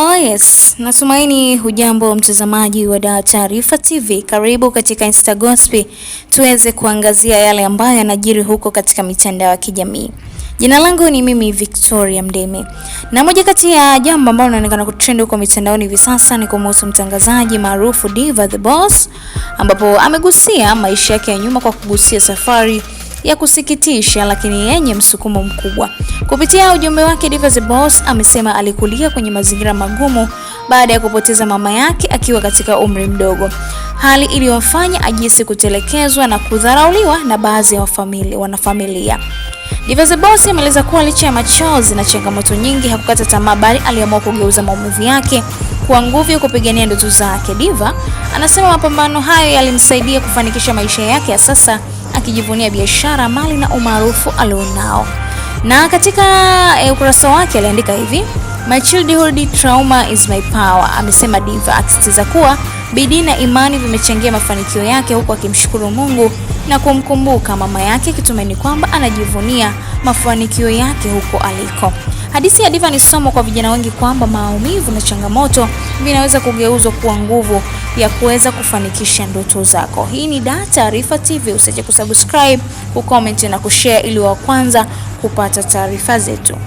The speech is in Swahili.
Oh yes, natumaini hujambo mtazamaji wa dawa Taarifa TV. Karibu katika Insta Gospel tuweze kuangazia yale ambayo yanajiri huko katika mitandao ya kijamii. Jina langu ni mimi Victoria Mdeme, na moja kati ya jambo ambalo linaonekana kutrend huko mitandaoni hivi sasa ni kumhusu mtangazaji maarufu Diva the Boss, ambapo amegusia maisha yake ya nyuma kwa kugusia safari ya kusikitisha lakini yenye msukumo mkubwa. Kupitia ujumbe wake, Diva the Boss amesema alikulia kwenye mazingira magumu baada ya kupoteza mama yake akiwa katika umri mdogo, hali iliyomfanya ajisi kutelekezwa na kudharauliwa na baadhi ya wanafamilia. Javazy Boss ameeleza kuwa licha ya machozi na changamoto nyingi hakukata tamaa bali aliamua kugeuza maumivu yake kuwa nguvu ya kupigania ndoto zake. Diva anasema mapambano hayo yalimsaidia kufanikisha maisha yake ya sasa akijivunia biashara, mali na umaarufu alionao. Na katika e, ukurasa wake aliandika hivi: My childhood trauma is my power, amesema Diva, akisitiza kuwa bidii na imani vimechangia mafanikio yake huku akimshukuru Mungu na kumkumbuka mama yake akitumaini kwamba anajivunia mafanikio yake huko aliko. Hadithi ya Diva ni somo kwa vijana wengi kwamba maumivu na changamoto vinaweza kugeuzwa kuwa nguvu ya kuweza kufanikisha ndoto zako. Hii ni Dar Taarifa TV, usiache kusubscribe, kucomment na kushare ili wa kwanza kupata taarifa zetu.